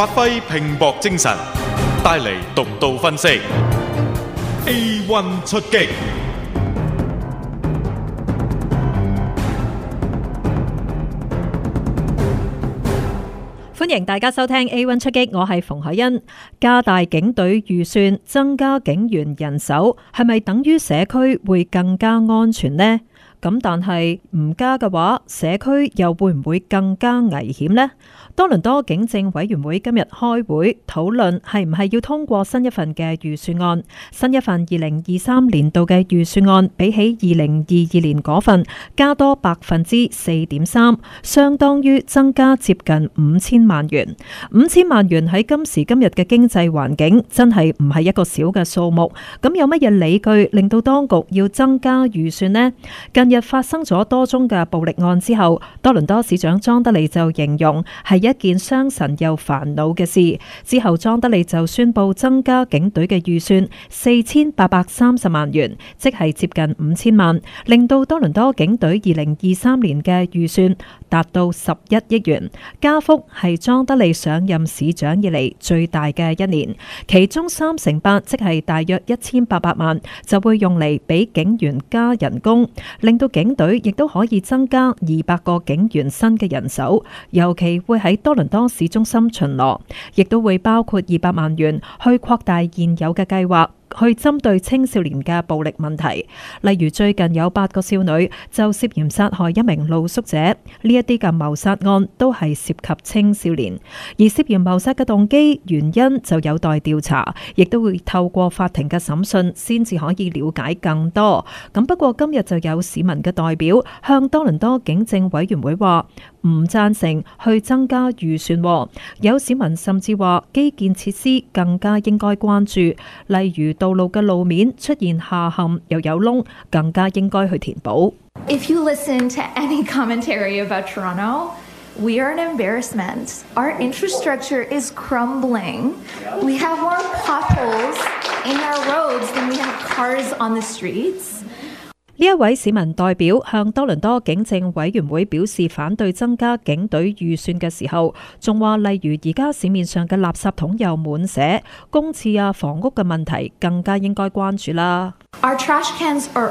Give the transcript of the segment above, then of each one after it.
發揮拼搏精神，帶嚟獨到分析。A1 出擊，歡迎大家收聽 A1 出擊。我係馮海欣。加大警隊預算，增加警員人手，係咪等於社區會更加安全呢？咁但係唔加嘅話，社區又會唔會更加危險呢？多倫多警政委員會今日開會討論係唔係要通過新一份嘅預算案。新一份二零二三年度嘅預算案比起二零二二年嗰份加多百分之四點三，相當於增加接近五千萬元。五千萬元喺今時今日嘅經濟環境真係唔係一個小嘅數目。咁有乜嘢理據令到當局要增加預算呢？跟日發生咗多宗嘅暴力案之後，多倫多市長莊德利就形容係一件傷神又煩惱嘅事。之後，莊德利就宣布增加警隊嘅預算四千八百三十萬元，即係接近五千萬，令到多倫多警隊二零二三年嘅預算達到十一億元，加幅係莊德利上任市長以嚟最大嘅一年。其中三成八，即係大約一千八百萬，就會用嚟俾警員加人工，令到警隊亦都可以增加二百個警員新嘅人手，尤其會喺多倫多市中心巡邏，亦都會包括二百萬元去擴大現有嘅計劃。去針對青少年嘅暴力問題，例如最近有八個少女就涉嫌殺害一名露宿者，呢一啲嘅謀殺案都係涉及青少年，而涉嫌謀殺嘅動機原因就有待調查，亦都會透過法庭嘅審訊先至可以了解更多。咁不過今日就有市民嘅代表向多倫多警政委員會話。唔贊成去增加預算哦，有市民甚至話基建設施更加應該關注，例如道路嘅路面出現下陷又有窿，更加應該去填補。呢一位市民代表向多倫多警政委員會表示反對增加警隊預算嘅時候，仲話例如而家市面上嘅垃圾桶又滿瀉，公廁啊、房屋嘅問題更加應該關注啦。Our trash cans are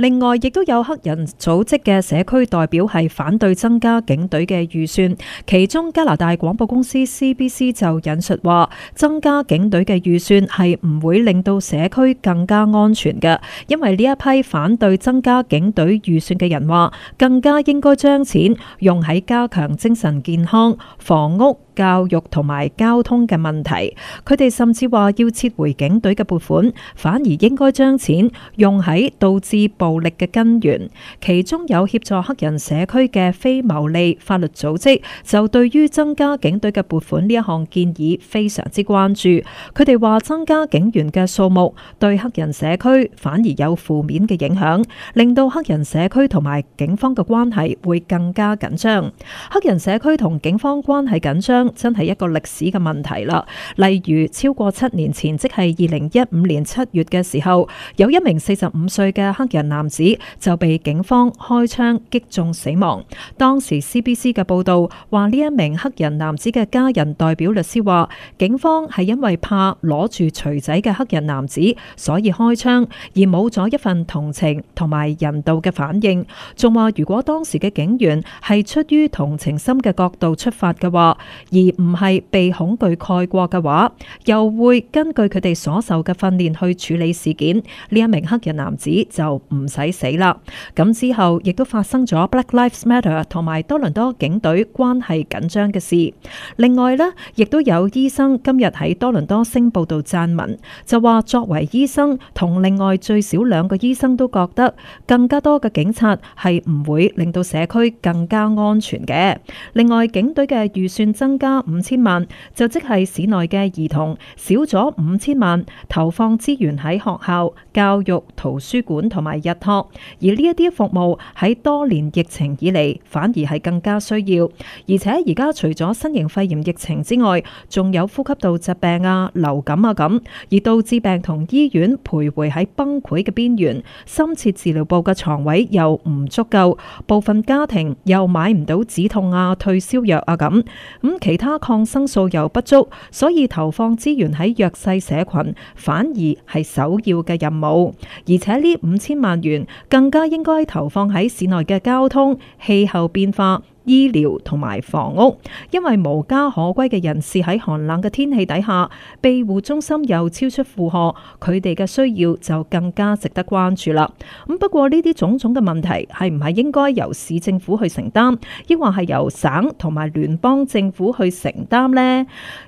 另外，亦都有黑人組織嘅社區代表係反對增加警隊嘅預算。其中，加拿大廣播公司 CBC 就引述話，增加警隊嘅預算係唔會令到社區更加安全嘅，因為呢一批反對增加警隊預算嘅人話，更加應該將錢用喺加強精神健康、房屋、教育同埋交通嘅問題。佢哋甚至話要撤回警隊嘅撥款，反而應該將錢用喺導致暴力嘅根源，其中有協助黑人社區嘅非牟利法律組織，就對於增加警隊嘅撥款呢一項建議非常之關注。佢哋話增加警員嘅數目，對黑人社區反而有負面嘅影響，令到黑人社區同埋警方嘅關係會更加緊張。黑人社區同警方關係緊張，真係一個歷史嘅問題啦。例如超過七年前，即係二零一五年七月嘅時候，有一名四十五歲嘅黑人男。男子就被警方開槍擊中死亡。當時 CBC 嘅報道話，呢一名黑人男子嘅家人代表律師話，警方係因為怕攞住鎚仔嘅黑人男子，所以開槍，而冇咗一份同情同埋人道嘅反應。仲話如果當時嘅警員係出於同情心嘅角度出發嘅話，而唔係被恐懼蓋過嘅話，又會根據佢哋所受嘅訓練去處理事件。呢一名黑人男子就唔。唔使死啦！咁之後亦都發生咗 Black Lives Matter 同埋多倫多警隊關係緊張嘅事。另外呢，亦都有醫生今日喺多倫多星報度撰文，就話作為醫生同另外最少兩個醫生都覺得更加多嘅警察係唔會令到社區更加安全嘅。另外，警隊嘅預算增加五千萬，就即係市內嘅兒童少咗五千萬投放資源喺學校、教育、圖書館同埋。日托，而呢一啲服務喺多年疫情以嚟反而係更加需要。而且而家除咗新型肺炎疫情之外，仲有呼吸道疾病啊、流感啊咁，而導致病同醫院徘徊喺崩潰嘅邊緣。深切治療部嘅床位又唔足夠，部分家庭又買唔到止痛啊、退燒藥啊咁，咁其他抗生素又不足，所以投放資源喺弱勢社群反而係首要嘅任務。而且呢五千萬。源更加應該投放喺市內嘅交通、氣候變化、醫療同埋房屋，因為無家可歸嘅人士喺寒冷嘅天氣底下庇護中心又超出負荷，佢哋嘅需要就更加值得關注啦。咁不過呢啲種種嘅問題係唔係應該由市政府去承擔，抑或係由省同埋聯邦政府去承擔呢？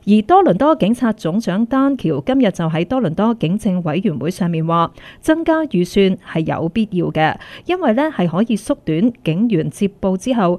而多倫多警察總長丹橋今日就喺多倫多警政委員會上面話，增加預算係有必要嘅，因為呢係可以縮短警員接報之後，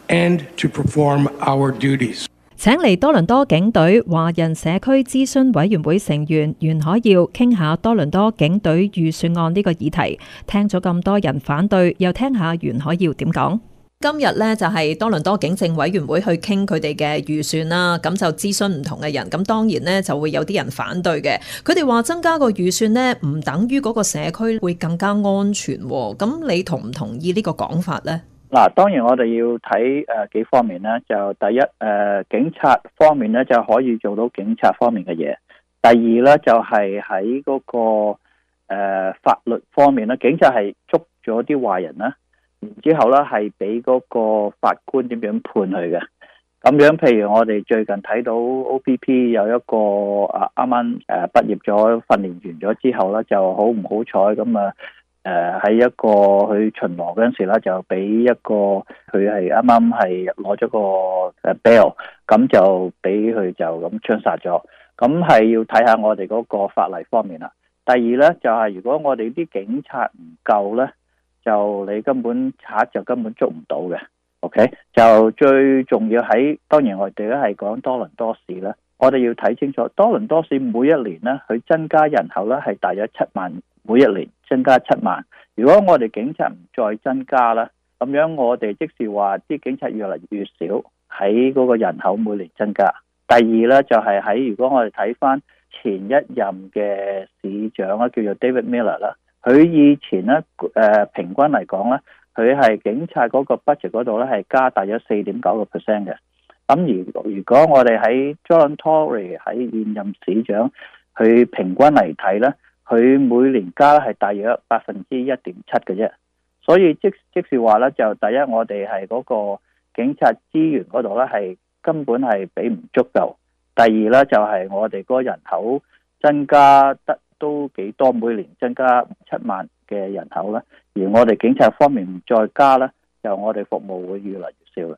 And to perform our duties. 請嚟多倫多警隊華人社區諮詢委員會成員袁海耀傾下多倫多警隊預算案呢個議題。聽咗咁多人反對，又聽下袁海耀點講。今日呢，就係多倫多警政委員會去傾佢哋嘅預算啦。咁就諮詢唔同嘅人，咁當然呢，就會有啲人反對嘅。佢哋話增加個預算呢，唔等於嗰個社區會更加安全。咁你同唔同意呢個講法呢？嗱，當然我哋要睇誒幾方面咧，就第一誒警察方面咧就可以做到警察方面嘅嘢。第二咧就係喺嗰個誒、呃、法律方面咧，警察係捉咗啲壞人啦，然之後咧係俾嗰個法官點樣判佢嘅。咁樣，譬如我哋最近睇到 OPP 有一個誒啱啱誒畢業咗訓練完咗之後咧，就好唔好彩咁啊！誒、呃，喺一個去巡邏嗰陣時咧，就俾一個佢係啱啱係攞咗個誒 bell，咁就俾佢就咁槍殺咗。咁係要睇下我哋嗰個法例方面啦。第二咧就係、是、如果我哋啲警察唔夠咧，就你根本賊就根本捉唔到嘅。OK，就最重要喺當然我哋咧係講多倫多市啦，我哋要睇清楚多倫多市每一年咧佢增加人口咧係大約七萬每一年。增加七萬。如果我哋警察唔再增加啦，咁樣我哋即使話啲警察越嚟越少，喺嗰個人口每年增加。第二咧就係、是、喺如果我哋睇翻前一任嘅市長啦，叫做 David Miller 啦，佢以前咧誒、呃、平均嚟講咧，佢係警察嗰個 budget 嗰度咧係加大咗四點九個 percent 嘅。咁如如果我哋喺 John Tory 喺現任市長，佢平均嚟睇咧。佢每年加係大約百分之一點七嘅啫，所以即即是話咧，就第一我哋係嗰個警察資源嗰度咧係根本係俾唔足夠，第二咧就係我哋個人口增加得都幾多，每年增加七萬嘅人口啦，而我哋警察方面唔再加咧，就我哋服務會越嚟越少啦。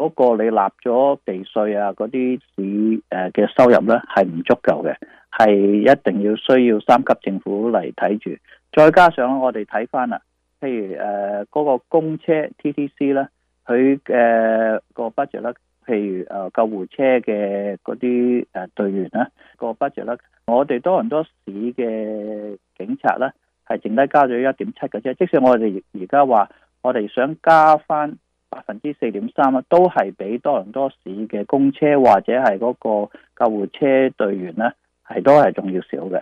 嗰、嗰個你立咗地稅啊，嗰啲市誒嘅收入咧係唔足夠嘅，係一定要需要三級政府嚟睇住。再加上我哋睇翻啦，譬如誒嗰、嗰個公車 TTC 啦，佢誒個 budget 啦，譬如誒救護車嘅嗰啲誒隊員啦，個 budget 啦，我哋多倫多市嘅警察呢係淨低加咗一點七嘅啫。即使我哋而家話我哋想加翻。百分之四點三啊，都係比多倫多市嘅公車或者係嗰個救護車隊員呢，係都係仲要少嘅。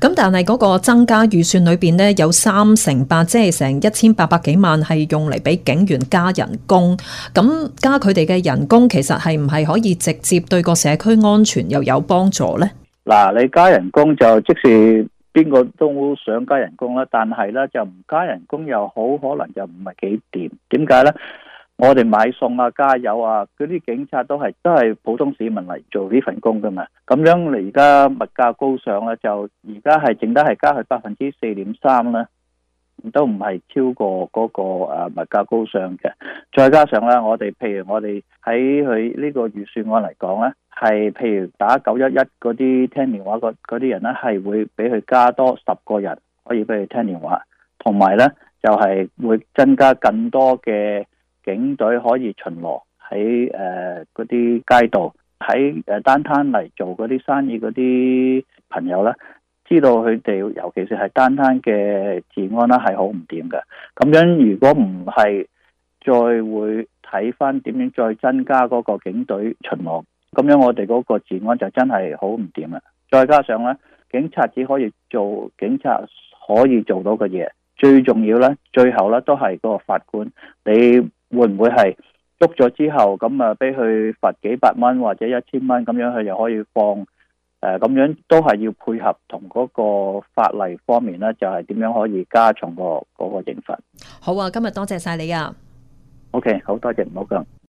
咁但係嗰個增加預算裏邊呢，有三成八，即係成一千八百幾萬係用嚟俾警員加人工。咁加佢哋嘅人工，其實係唔係可以直接對個社區安全又有幫助呢？嗱，你加人工就即使。邊個都想加人工啦，但係咧就唔加人工又好，可能就唔係幾掂。點解咧？我哋買餸啊、加油啊，嗰啲警察都係都係普通市民嚟做呢份工噶嘛。咁樣你而家物價高上啦，就而家係淨得係加去百分之四點三啦。都唔係超過嗰個誒物價高上嘅，再加上咧，我哋譬如我哋喺佢呢個預算案嚟講咧，係譬如打九一一嗰啲聽電話嗰啲人咧，係會俾佢加多十個人可以俾佢聽電話，同埋咧就係會增加更多嘅警隊可以巡邏喺誒嗰啲街道，喺誒單攤嚟做嗰啲生意嗰啲朋友啦。知道佢哋，尤其是係單單嘅治安啦，係好唔掂嘅。咁樣如果唔係，再會睇翻點樣再增加嗰個警隊巡邏，咁樣我哋嗰個治安就真係好唔掂啦。再加上咧，警察只可以做警察可以做到嘅嘢。最重要咧，最後咧都係嗰個法官，你會唔會係捉咗之後咁啊？俾佢罰幾百蚊或者一千蚊，咁樣，佢又可以放。誒，咁樣都係要配合同嗰個法例方面咧，就係點樣可以加重個嗰個刑罰。好啊，今日多謝晒你啊。OK，好，多謝唔好咁。